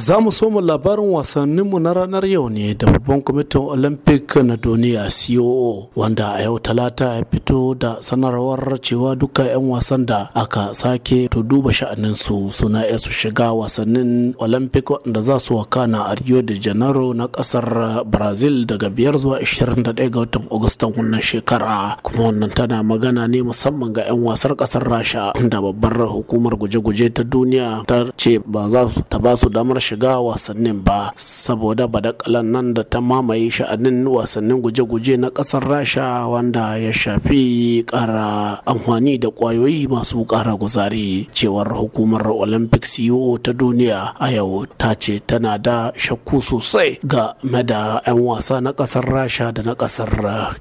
Za mu soma labarin wasanninmu na ranar yau ne da babban kwamitin Olympic na duniya COO wanda a yau talata ya fito da sanarwar cewa duka 'yan wasan da aka sake to duba sha'aninsu suna iya su shiga wasannin Olympic da za su wakana a Rio de Janeiro na kasar Brazil daga biyar zuwa 21 ga watan Agustan wannan shekara kuma wannan tana magana ne musamman ga 'yan wasar kasar Rasha da babbar hukumar guje-guje ta duniya ta ce ba za ta ba su damar shiga wasannin ba saboda badakalan nan da ta mamaye sha'anin wasannin guje-guje na kasar rasha wanda ya shafi kara amfani da kwayoyi masu kara guzari cewar hukumar olympics yo e ta duniya a yau ta ce tana da shakku sosai ga da 'yan wasa na kasar rasha da na kasar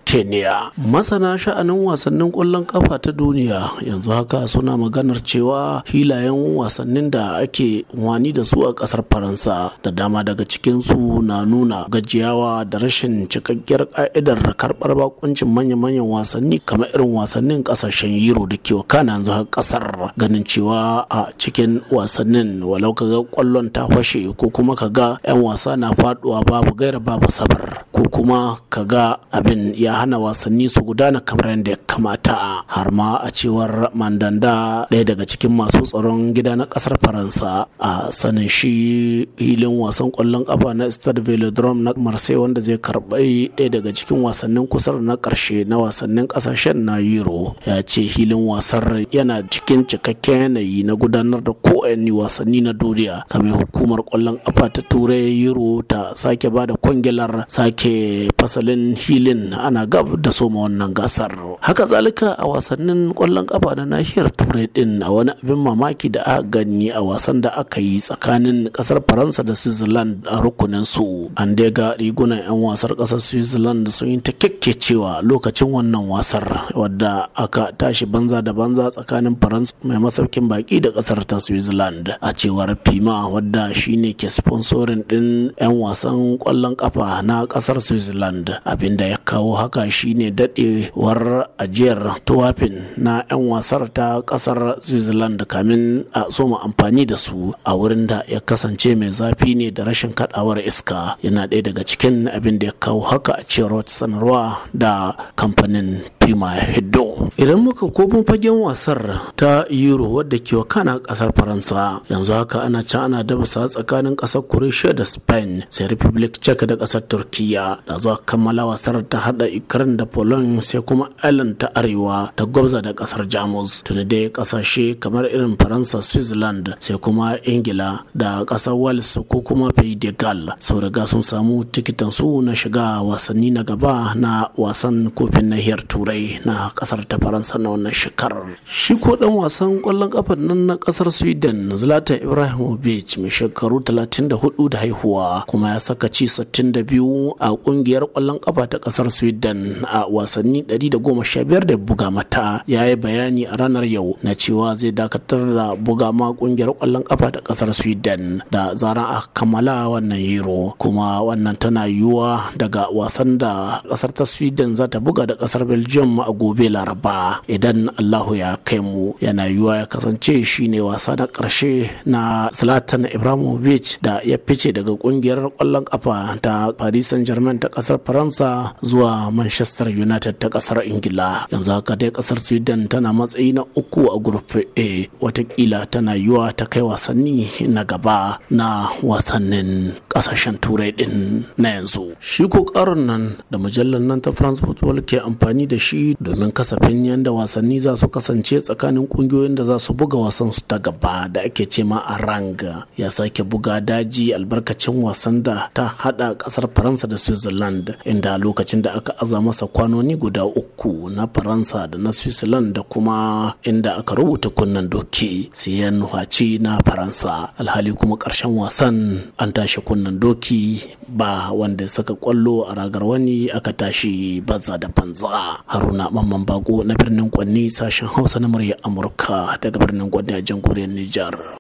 kenya masana sha'anin wasannin kwallon kafa ta duniya yanzu haka suna maganar cewa hilayen wasannin da ake wani da su a kasar faransa da dama daga cikinsu na nuna gajiyawa da rashin cikakkiyar ka'idar karɓar bakuncin manya-manyan wasanni kamar irin wasannin kasashen euro da ke wakana yanzu har kasar ganin cewa a cikin wasannin walau kaga kwallon ta fashe ko kuma ga 'yan wasa na faduwa babu gaira babu sabar ko kuma kaga abin ya hana wasanni su gudana kamar yadda ya kamata har ma a cewar mandanda ɗaya daga cikin masu tsaron gida na kasar faransa a sanin shi hilin wasan kwallon kafa na Stade Velodrome na Marseille wanda zai karbi ɗaya daga cikin wasannin kusar na ƙarshe na wasannin ƙasashen na Euro ya ce hilin wasar yana cikin cikakken yanayi na gudanar da ko'ani wasanni na duniya kamar hukumar kwallon kafa ta Turai Euro ta sake bada da kwangilar sake fasalin hilin ana gab da soma wannan gasar. Haka zalika a wasannin kwallon kafa na nahiyar Turai din a wani abin mamaki da aka gani a wasan da aka yi tsakanin kasar. kasar faransa da switzerland a rukunin su an ga rigunan 'yan wasar kasar switzerland sun yi ta kyakkyacewa lokacin wannan wasar wadda aka tashi banza da banza tsakanin faransa mai masaukin baki da kasar ta switzerland a cewar fima wadda shine ke sponsorin din 'yan wasan kwallon kafa na kasar switzerland abinda ya kawo haka shine dadewar ajiyar tuwafin na 'yan wasar ta kasar switzerland kamin a soma amfani da su a wurin da ya kasance ce mai zafi ne da rashin kadawar iska yana ɗaya daga cikin abin da ya kawo haka a cewar sanarwa da kamfanin Sima hiddo Idan muka komo fagen wasar ta Euro wadda ke wakana kasar Faransa yanzu haka ana can ana basa tsakanin kasar Croatia da Spain sai Republic Czech da kasar Turkiya da zuwa kammala wasar ta hada Ukraine da Poland sai kuma Ireland ta Arewa ta gwabza da kasar Jamus tuni dai kasashe kamar irin Faransa Switzerland sai kuma Ingila da kasar Wales ko kuma Pays de Galles sun riga sun samu tikitan su na shiga wasanni na gaba na wasan kofin nahiyar Turai. turai na kasar ta faransa na wannan shekarar shi ko dan wasan kwallon kafa nan na kasar sweden zlatan ibrahimovic mai shekaru 34 da haihuwa kuma ya saka ci 62 a kungiyar kwallon kafa ta kasar sweden a wasanni 115 da buga mata ya yi bayani a ranar yau na cewa zai dakatar da buga ma kungiyar kwallon kafa ta kasar sweden da zaran a kammala wannan euro kuma wannan tana yiwuwa daga wasan da kasar ta sweden za ta buga da kasar belgium mu a gobe laraba idan allahu ya kai mu yana yiwuwa ya kasance shine wasa na karshe na zlatan ibrahimovic da ya fice daga kungiyar kwallon kafa ta paris saint germain ta kasar faransa zuwa manchester united ta kasar ingila yanzu haka dai kasar sweden tana matsayi na uku a group a watakila tana yiwuwa ta kai wasanni na gaba na wasannin kasashen turai din na yanzu shi kokarin nan da mujallar nan ta france football ke amfani da shi domin kasafin yadda wasanni za su kasance tsakanin kungiyoyin da za su buga wasan su ta gaba da ake ce ma a ranga ya sake buga daji albarkacin wasan da ta hada kasar faransa da switzerland inda lokacin da aka aza masa kwanoni guda uku na faransa da na switzerland da kuma inda aka rubuta kunnen doki siyan nuhaci na faransa alhali kuma karshen wasan an tashi kunnen wannan doki ba wanda saka kwallo a ragar wani aka tashi banza da banza haruna mamman bago na birnin kwanni sashen hausa na murya amurka daga birnin kwanni a jamhuriyar nijar